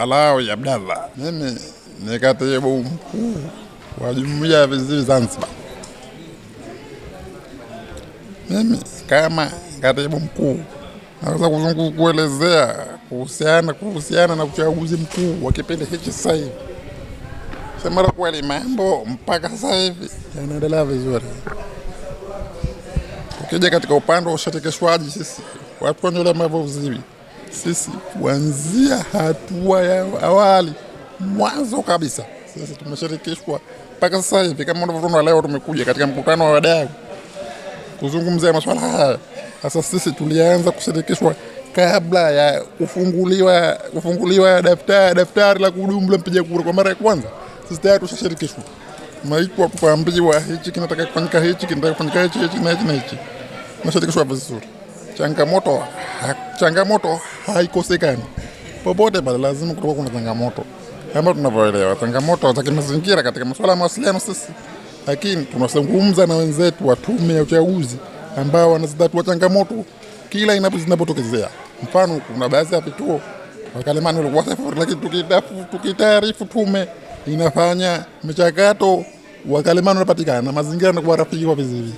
Alawi abdalla mimi ni katibu mkuu wa jumuiya ya viziwi Zanzibar. Mimi kama katibu mkuu naweza kuzungu kuelezea kuhusiana kuhusiana na uchaguzi mkuu wa kipindi hichi sasa hivi. Sema kweli, mambo mpaka sasa hivi yanaendelea vizuri. Ukija katika upande wa ushirikishwaji, sisi watu wenye ulemavu uziwi sisi kuanzia hatua ya awali mwanzo kabisa sisi tumeshirikishwa mpaka sasa hivi, kama unavyoona leo tumekuja katika mkutano wa wadau kuzungumzia masuala haya. Sasa sisi tulianza kushirikishwa kabla ya kufunguliwa kufunguliwa daftari daftari la kudumu la mpiga kura kwa mara ya kwanza. Sisi tayari tushashirikishwa, tumeitwa tukaambiwa, hichi kinataka kufanyika, hichi kinataka kufanyika, hichi hichi na hichi na hichi, tunashirikishwa vizuri. Changamoto ha, changamoto haikosekani popote pale, lazima kutakuwa kuna changamoto kama tunavyoelewa, changamoto za kimazingira katika masuala ya mawasiliano sisi, lakini tunazungumza na wenzetu wa tume ya uchaguzi ambao wanazitatua changamoto kila zinapotokezea. Mfano, kuna baadhi ya vituo wakalemani walikuwa safari, lakini tukitaarifu tume inafanya mchakato, wakalemani wanapatikana na mazingira yanakuwa rafiki kwa vizivi.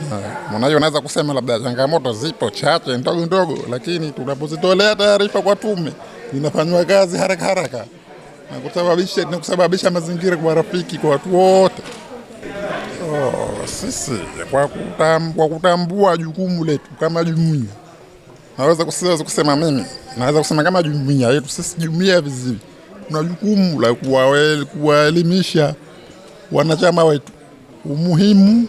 Eh, mwanaji naweza kusema labda changamoto zipo chache ndogo ndogo, lakini tunapozitolea taarifa kwa tume inafanywa kazi haraka haraka na kusababisha, na kusababisha mazingira kwa rafiki kwa watu wote. Oh, sisi kwa, kutambua, kutambua jukumu letu kama jumuiya naweza kusema mimi naweza kusema kama jumuiya yetu sisi jumuiya ya viziwi tuna jukumu la kuwaelimisha wanachama wetu umuhimu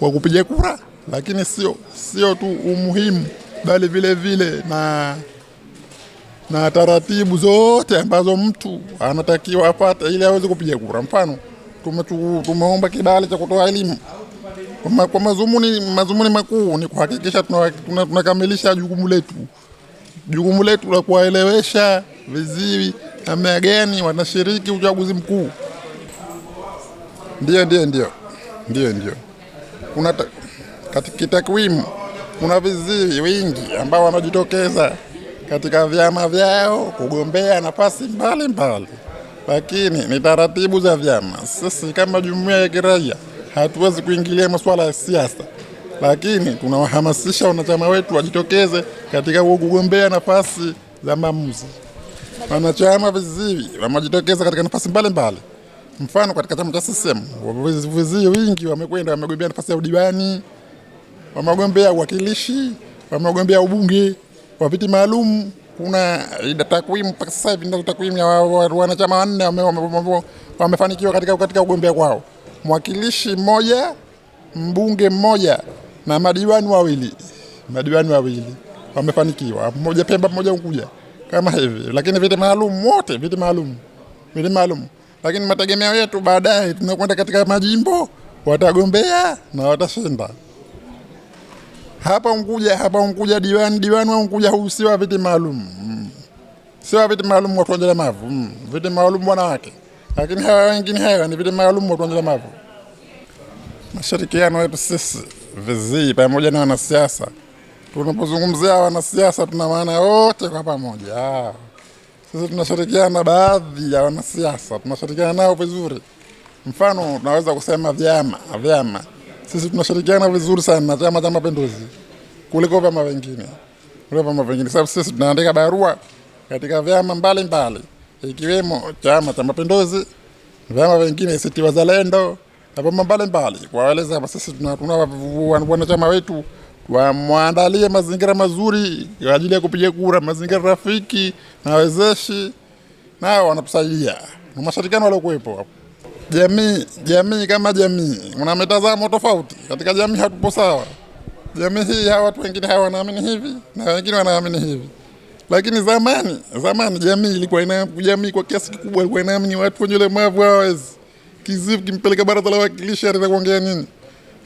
wa kupiga kura, lakini sio sio tu umuhimu, bali vile vile na na taratibu zote ambazo mtu anatakiwa apate ili aweze kupiga kura. Mfano, tumeomba kibali cha kutoa elimu kwa mazumuni, mazumuni makuu ni kuhakikisha tunakamilisha tuna, tuna jukumu letu jukumu letu la kuwaelewesha viziwi namna gani wanashiriki uchaguzi mkuu. Ndio, ndio, ndio, ndio, ndio kuna kitakwimu, kuna viziwi wingi ambao wanajitokeza katika vyama vyao kugombea nafasi mbalimbali, lakini ni taratibu za vyama. Sisi kama jumuiya ya kiraia hatuwezi kuingilia masuala ya siasa, lakini tunawahamasisha wanachama wetu wajitokeze katika kugombea nafasi za maamuzi. Wanachama viziwi wamejitokeza katika nafasi mbalimbali mbali. Mfano katika chama cha CCM wazee wengi wamekwenda, wamegombea nafasi ya udiwani, wamegombea uwakilishi, wamegombea ubunge wa viti maalum. Kuna ida takwimu mpaka sasa hivi ndio takwimu ya wanachama wanne wamefanikiwa katika katika ugombea kwao, mwakilishi mmoja, mbunge mmoja na madiwani wawili, madiwani wawili wamefanikiwa, mmoja Pemba, mmoja Unguja, kama hivi. Lakini viti maalum wote, viti maalum, viti maalum lakini mategemeo yetu baadaye tunakwenda katika majimbo watagombea na watashinda. Hapa Unguja, hapa Unguja diwani diwani wa Unguja huu si wa viti maalum, mm. si wa viti maalum watu walemavu, mm. viti maalum wanawake, lakini hawa wengine hawa ni viti maalum watu walemavu. Mashirikiano yetu sisi vizii pamoja na wanasiasa, tunapozungumzia wanasiasa tuna maana wote kwa pamoja. Ah. Sisi tunashirikiana, baadhi ya wanasiasa tunashirikiana nao vizuri. Mfano tunaweza kusema vyama vyama, sisi tunashirikiana vizuri sana Chama cha Mapinduzi kuliko vyama vingine kuliko vyama vingine, sababu sisi tunaandika barua katika vyama mbalimbali ikiwemo Chama cha Mapinduzi, vyama vingine, ACT Wazalendo na vyama mbalimbali, kuwaeleza sisi tuna wanachama wetu wamwandalie mazingira mazuri kwa ajili ya kupiga kura, mazingira rafiki na wezeshi, nao wanatusaidia na mashirikano waliokuwepo jamii. Jamii kama jamii, mna mitazamo tofauti katika jamii, hatupo sawa. Jamii hii hawa watu wengine hawa wanaamini hivi na wengine wanaamini hivi, lakini zamani zamani jamii ilikuwa ina jamii kwa kiasi kikubwa ilikuwa inaamini watu wenye ulemavu hawawezi. Kizifu kimpeleka baraza la wakilishi, anaweza kuongea nini?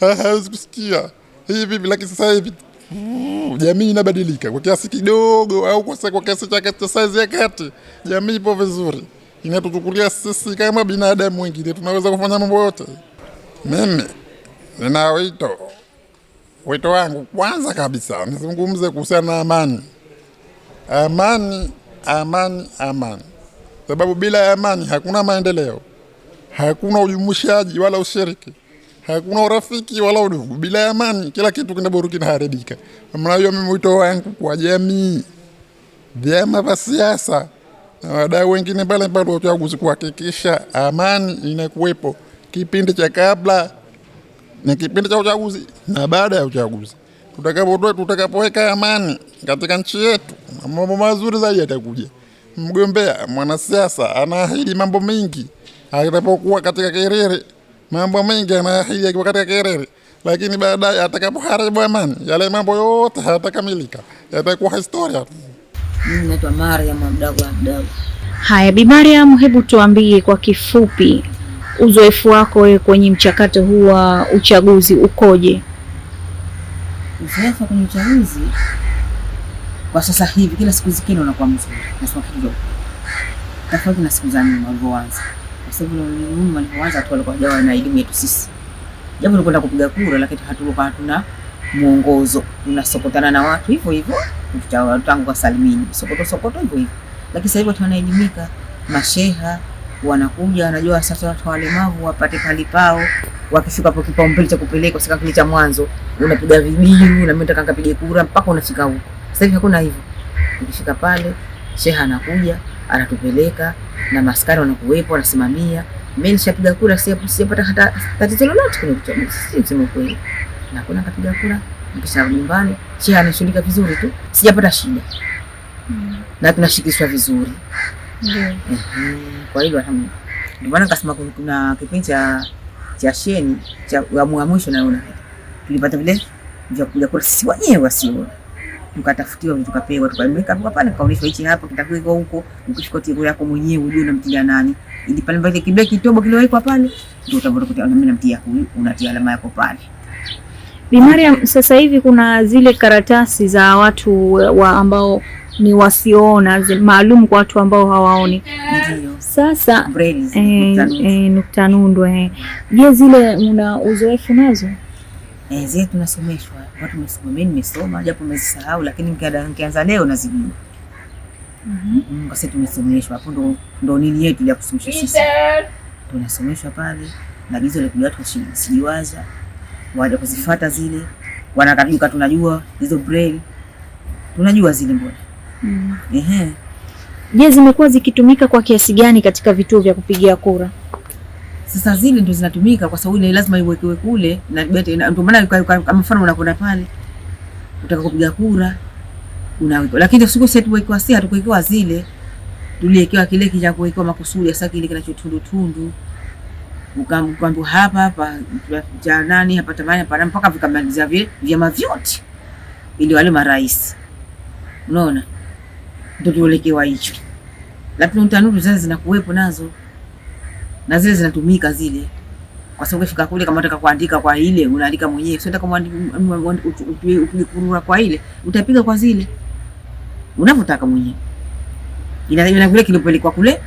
Hawezi kusikia hivi, lakini sasa hivi mm, jamii inabadilika kwa kiasi kidogo, au kwa kiasi cha saizi ya kati. Jamii ipo vizuri, inatuchukulia sisi kama binadamu wengine, tunaweza kufanya mambo yote. Mimi nina wito, wito wangu kwanza kabisa nizungumze kuhusiana na amani, amani, amani, amani, sababu bila amani hakuna maendeleo, hakuna ujumuishaji wala ushiriki hakuna urafiki wala udugu. Bila amani, kila kitu kinaboruki naharibika. Mnayo mimi mwito wangu kwa jamii, vyama vya siasa na wadau wengine pale pale wa uchaguzi kuhakikisha amani inakuwepo kipindi cha kabla na kipindi cha uchaguzi na baada ya uchaguzi. Tutakapotoa, tutakapoweka amani katika nchi yetu, mambo mazuri zaidi yatakuja. Mgombea mwanasiasa anaahidi mambo mengi atakapokuwa katika kerere mambo mengi yanaahidi akiwa katika kerere, lakini baadaye atakapoharibu amani, yale mambo yote hayatakamilika, yatakuwa historia tu. naitwa Mariam Abdago Abdago. Haya, Bi Mariam, hebu tuambie kwa kifupi uzoefu wako wewe kwenye mchakato huu wa uchaguzi ukoje? Uzoefu kwenye uchaguzi kwa sasa hivi, kila siku zikini unakuwa mzuri, nasema kidogo tofauti na siku za nyuma ulivyoanza kwa sababu walipoanza tu walikuwa hawajawa na elimu yetu sisi, japo tulikwenda kupiga kura, lakini hatukuwa hatuna mwongozo. Tunasokotana na watu hivyo hivyo, tangu kwa salimini sokoto sokoto hivyo hivyo, lakini sasa hivi tunaelimika. Masheha wanakuja wanajua sasa watu walemavu wapate pali pao, wakifika hapo kipaumbele cha kupeleka sika kile cha mwanzo, unapiga vibiu na mimi nataka nikapige kura mpaka unafika huko. Sasa hivi hakuna hivyo, ukifika pale sheha anakuja anatupeleka na maskari wanakuwepo, wanasimamia. Mimi nishapiga kura, sijapata hata tatizo lolote kwenye uchaguzi, sema kweli. Na kuna kapiga kura, nikisharudi nyumbani, si anashughulika vizuri tu, sijapata shida mm. na tunashikishwa vizuri ndio. Kwa hiyo ndio maana nikasema kuna kipindi cha cha sheni cha mwisho, naona tulipata vile vya kupiga kura sisi wenyewe wasiona tukatafutiwa tukapewa, tukaelimika hapo hapa, nikaonyeshwa hichi hapo kitakuwa iko huko, ukishika tiko yako mwenyewe ujue unamtia nani, ili pale mbele kibia kitobo kiliwekwa pale, ndio utakuta mimi namtia huyu, unatia alama yako pale. Bi Mariam, sasa hivi kuna zile karatasi za watu wa ambao ni wasioona maalum kwa watu ambao hawaoni. Ndiyo. Sasa eh, eh, nukta nundu eh, je, zile una uzoefu nazo? Eh, zile tunasomeshwa, watu wamesoma, mimi nimesoma japo nimezisahau, lakini nikianza leo nazijua. Mhm. Mm, kasi tumesomeshwa hapo, ndo ndo nini yetu ya kusomesha sisi. Tunasomeshwa pale, na maagizo kujua watu sijiwaza, waje kuzifuata zile. Wanakaduka tunajua hizo braille. Tunajua zile mbona. Mhm. Ehe. Je, zimekuwa zikitumika kwa kiasi gani katika vituo vya kupigia kura? Sasa zile ndo zinatumika kwa sababu ile lazima iwekewe kule na ndio maana kama mfano unakwenda pale utaka kupiga kura unaweka, lakini siku sasa tuwekewa, si hatukuwekwa zile, tuliwekewa kile kija kuwekwa makusudi, sasa kile kinachotundu tundu ukamwambia hapa hapa cha nani hapa tamani hapa mpaka vikamaliza vile vyama vyote, ili wale marais, unaona, ndio tuelekewa hicho, lakini utanuru sasa zinakuwepo nazo na zile zinatumika zile, kwa sababu ukifika kule kama unataka kuandika kwa ile unaandika mwenyewe, sio kama upige kurura kwa ile utapiga kwa zile unavyotaka mwenyewe, ina vile kilipelekwa kule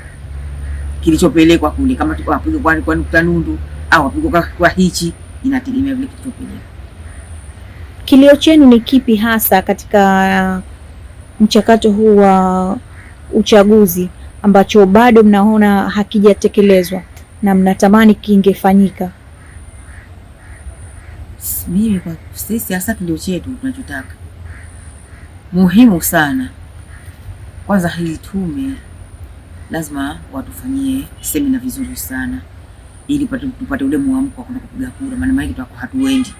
kilichopelekwa kule, kama apige kwa kwa nukta nundu au apige kwa, kwa hichi, inategemea vile kilichopelekwa. Kilio chenu ni kipi hasa katika mchakato huu wa uchaguzi ambacho bado mnaona hakijatekelezwa? na mnatamani kingefanyika? Mimi kwa sisi hasa kilio chetu tunachotaka muhimu sana, kwanza hili tume lazima watufanyie semina vizuri sana, ili tupate ule mwamko wa kwenda kupiga kura. Maana maiki tutakuwa hatuendi,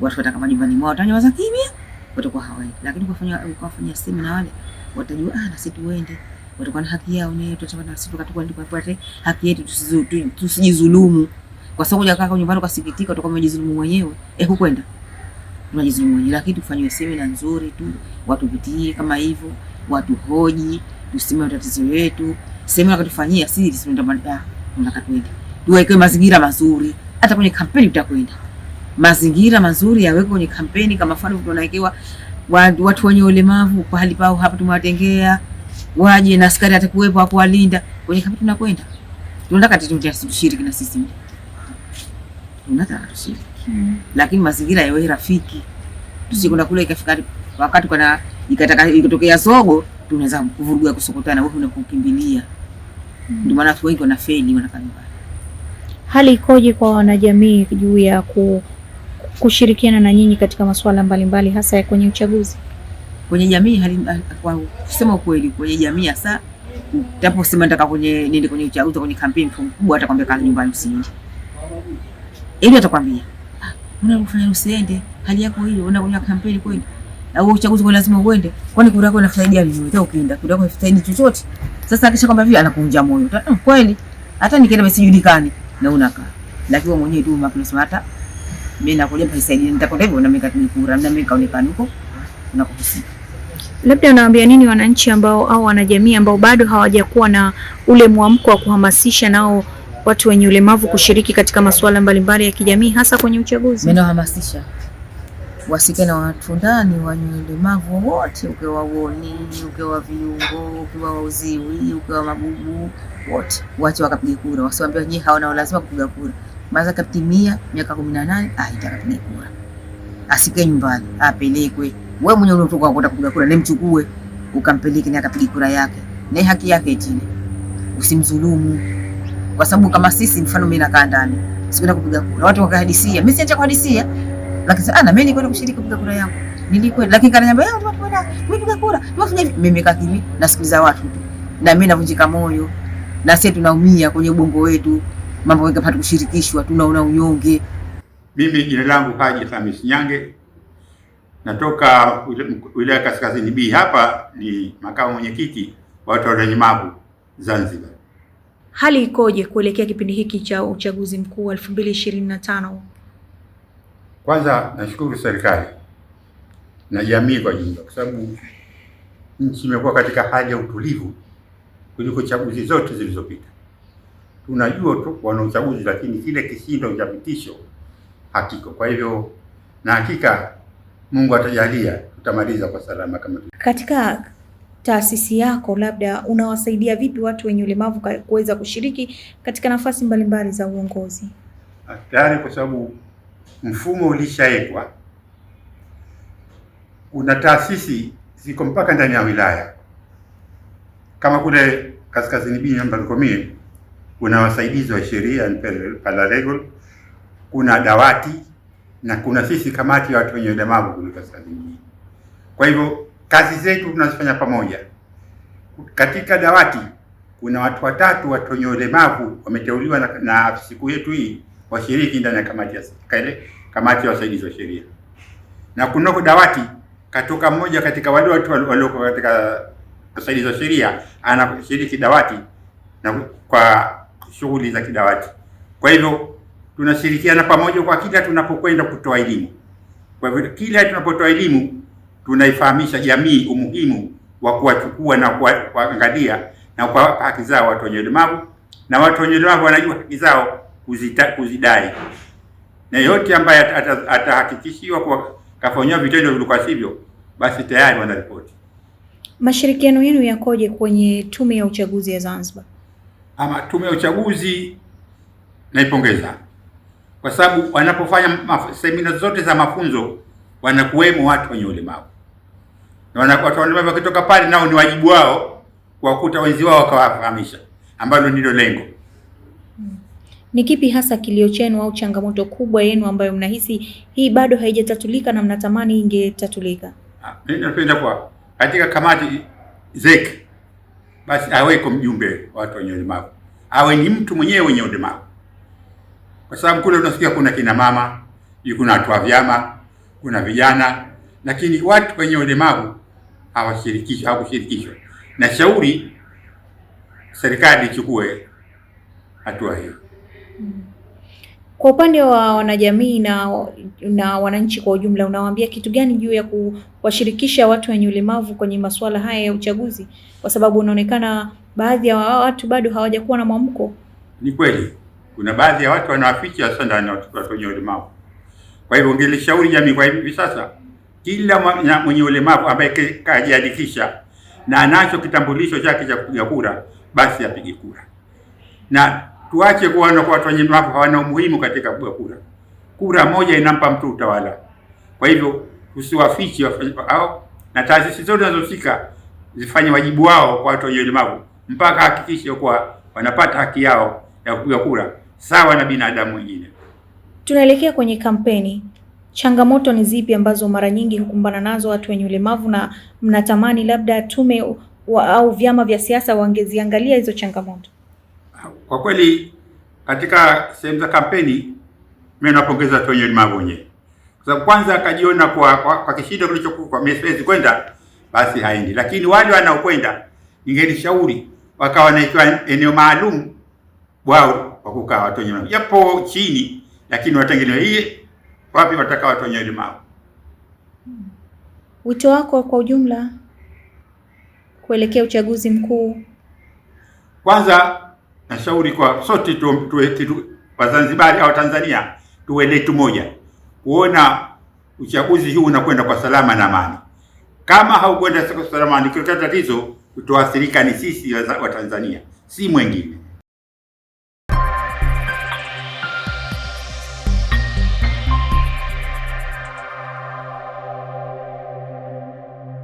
watu wataka majumbani mwao, watanyamaza kimya, watakuwa hawaendi. Lakini kwa kufanya kwa kufanya semina wale watajua, ah, na sisi tuende watakuwa na haki yao, naye na sisi tukapate haki yetu, tusijizulumu kwa sababu kaka nyumbani ukasikitika, utakuwa umejizulumu mwenyewe. Eh, hukwenda unajizulumu mwenyewe, lakini tufanywe semina nzuri tu, watu watupitie kama hivyo, watu hoji, tuseme tatizo yetu, semina katufanyia sisi, tunataka kwenda tuweke mazingira mazuri, hata kwenye kampeni tutakwenda mazingira mazuri yawekwe kwenye kampeni, kama mfano tunawekewa watu wenye ulemavu pahali pao hapa tumewatengea waje na askari atakuwepo akuwalinda kwenye kambi tunakwenda. Tunataka tushiriki na sisi. Tunataka tushiriki. Hmm. Lakini mazingira yawe rafiki. Tusikwenda kule ikafika wakati kana ikataka ikatokea sogo tunaweza kuvuruga kusokotana, wewe unakukimbilia. Hmm. Ndio maana watu wengi wanafeli wanakaa Hali ikoje kwa wanajamii juu ya ku, kushirikiana na nyinyi katika masuala mbalimbali hasa ya kwenye uchaguzi? kwenye jamii hali, kwa kusema ukweli, kwenye jamii hasa ndipo sema nataka kwenye nende kwenye uchaguzi kwenye kampeni mkubwa, atakwambia kazi nyumbani usiende, ili atakwambia ah, una kufanya usiende, hali yako hiyo, una kwenye kampeni kweli? Na wewe uchaguzi kwa lazima uende, kwani kura yako inafaidia nini? Unataka ukienda kura yako inafaidia chochote? Sasa akisha kwamba vile anakunja moyo Mm, kweli, hata nikienda msijulikani na unakaa, lakini wewe mwenyewe tu makini sema hata mimi nakuja pesa nitakwenda hivyo na mimi katini kura na mimi kaonekana huko unakohusika labda unawaambia nini wananchi ambao au wanajamii ambao bado hawajakuwa na ule mwamko wa kuhamasisha nao watu wenye ulemavu kushiriki katika masuala mbalimbali ya kijamii hasa kwenye uchaguzi? Mimi nahamasisha wasike na watu ndani wenye ulemavu wote, ukiwa uoni, ukiwa viungo, ukiwa uziwi, ukiwa magugu, wote wache wakapiga kura, wasiwaambie je, hawana lazima kupiga kura. Maza kapitimia miaka 18 ah, itakapiga kura, asike nyumbani, apelekwe wewe mwenyewe unatoka kwenda kupiga kura, nimchukue ukampeleke na akapiga kura yake, na haki yake chini, usimdhulumu. Kwa sababu kama sisi, mfano mimi nakaa ndani, sikwenda kupiga kura, watu wakahadisia, mimi siacha kuhadisia, lakini sasa ah, na mimi nilikwenda kushiriki kupiga kura yangu, nilikwenda, lakini kananiambia wewe, eh, watu mimi kupiga kura, mimi nimekaa kimya, nasikiliza watu na mimi navunjika moyo, na sisi tunaumia kwenye ubongo wetu, mambo mengi hatukushirikishwa, tunaona unyonge. Mimi jina langu Haji Khamis Nyange natoka wilaya Kaskazini B, hapa ni makamu mwenyekiti wa watu wenye ulemavu Zanzibar. Hali ikoje kuelekea kipindi hiki cha uchaguzi mkuu wa 2025? Kwanza nashukuru serikali na jamii kwa jumla, kwa sababu nchi imekuwa katika hali ya utulivu kuliko chaguzi zote zilizopita. Tunajua tu wana uchaguzi, lakini kile kishindo cha pitisho hakiko. Kwa hivyo na hakika Mungu atajalia tutamaliza kwa salama kama katika taasisi yako labda unawasaidia vipi watu wenye ulemavu kuweza kushiriki katika nafasi mbalimbali za uongozi? Tayari kwa sababu mfumo ulishawekwa, una taasisi ziko mpaka ndani ya wilaya, kama kule kaskazini Bini namba kuna wasaidizi wa sheria paralegal, kuna dawati na kuna sisi kamati ya watu wenye ulemavu Gulu zingine. Kwa hivyo kazi zetu tunazifanya pamoja. Katika dawati kuna watu watatu watu wenye ulemavu wameteuliwa na, afisi siku yetu hii washiriki ndani ya kamati ya kale, kamati ya wasaidizi wa sheria, na kuna dawati katoka mmoja katika wale watu walioko katika wasaidizi wa sheria anashiriki dawati na kwa shughuli za kidawati. Kwa hivyo tunashirikiana pamoja kwa kila tunapokwenda kutoa elimu. Kwa hivyo kila tunapotoa elimu tunaifahamisha jamii umuhimu wa kuwachukua na kuangalia na kwa haki zao watu wenye ulemavu, na watu wenye ulemavu wanajua haki zao kuzita, kuzidai na yote ambaye atahakikishiwa kwa kafanyiwa vitendo vilikuwa sivyo, basi tayari wanaripoti. Mashirikiano yenu yakoje kwenye tume ya uchaguzi ya Zanzibar? Ama tume ya uchaguzi naipongeza kwa sababu wanapofanya semina zote za mafunzo wanakuwemo watu wenye ulemavu, na watu walemavu wakitoka pale, nao ni wajibu wao kuwakuta wenzi wao wakawafahamisha, ambalo ndilo lengo. Hmm. Ni kipi hasa kilio chenu au changamoto kubwa yenu ambayo mnahisi hii bado haijatatulika na mnatamani ingetatulika? Ah, mimi napenda kwa katika kamati ZEC basi aweko mjumbe watu wenye ulemavu, awe ni mtu mwenyewe mwenye ulemavu kwa sababu kule unasikia kuna kina mama, kuna watu wa vyama, kuna vijana, lakini watu wenye ulemavu hawashirikishwi, hawakushirikishwa. Na shauri serikali ichukue hatua hiyo. Kwa upande wa wanajamii na na wananchi kwa ujumla, unawaambia kitu gani juu ya kuwashirikisha watu wenye ulemavu kwenye masuala haya ya uchaguzi? Kwa sababu unaonekana baadhi ya watu bado hawajakuwa na mwamko. Ni kweli kuna baadhi ya watu wanawaficha hasa ndani ya watoto wenye ulemavu. Kwa hivyo ungelishauri jamii kwa hivi sasa, kila mwenye ulemavu ambaye kajiandikisha na anacho kitambulisho chake cha kupiga kura, basi apige kura, na tuache kuona kwa watu wenye ulemavu hawana umuhimu katika kupiga kura. Kura moja inampa mtu utawala. Kwa hivyo usiwafiche hao, na taasisi zote zinazohusika zifanye wajibu wao kwa watu wenye ulemavu mpaka hakikishe kuwa wanapata haki yao ya kupiga kura sawa na binadamu wengine. Tunaelekea kwenye kampeni. Changamoto ni zipi ambazo mara nyingi hukumbana nazo watu wenye ulemavu na mnatamani labda tume wa, au vyama vya siasa wangeziangalia hizo changamoto? Kwa kweli katika sehemu za kampeni mimi napongeza watu wenye ulemavu wenyewe, kwa sababu kwanza akajiona kwa, kwa, kwa kishindo kilichokuwa mesezi kwenda basi haendi, lakini wale wanaokwenda ningelishauri wakawa wanaikiwa eneo maalum bwao wa kukaa watu wenye ulemavu, yapo chini, lakini watengenewe wapi wataka watu wenye ulemavu. Wito wako kwa ujumla kuelekea uchaguzi mkuu? Kwanza nashauri kwa sote tu, tu, tu, tu, Wazanzibari au Tanzania tuwe letu moja kuona uchaguzi huu unakwenda kwa salama na amani. Kama haukwenda kwa salama, ni tatizo kutoathirika ni sisi wa Tanzania, si mwengine.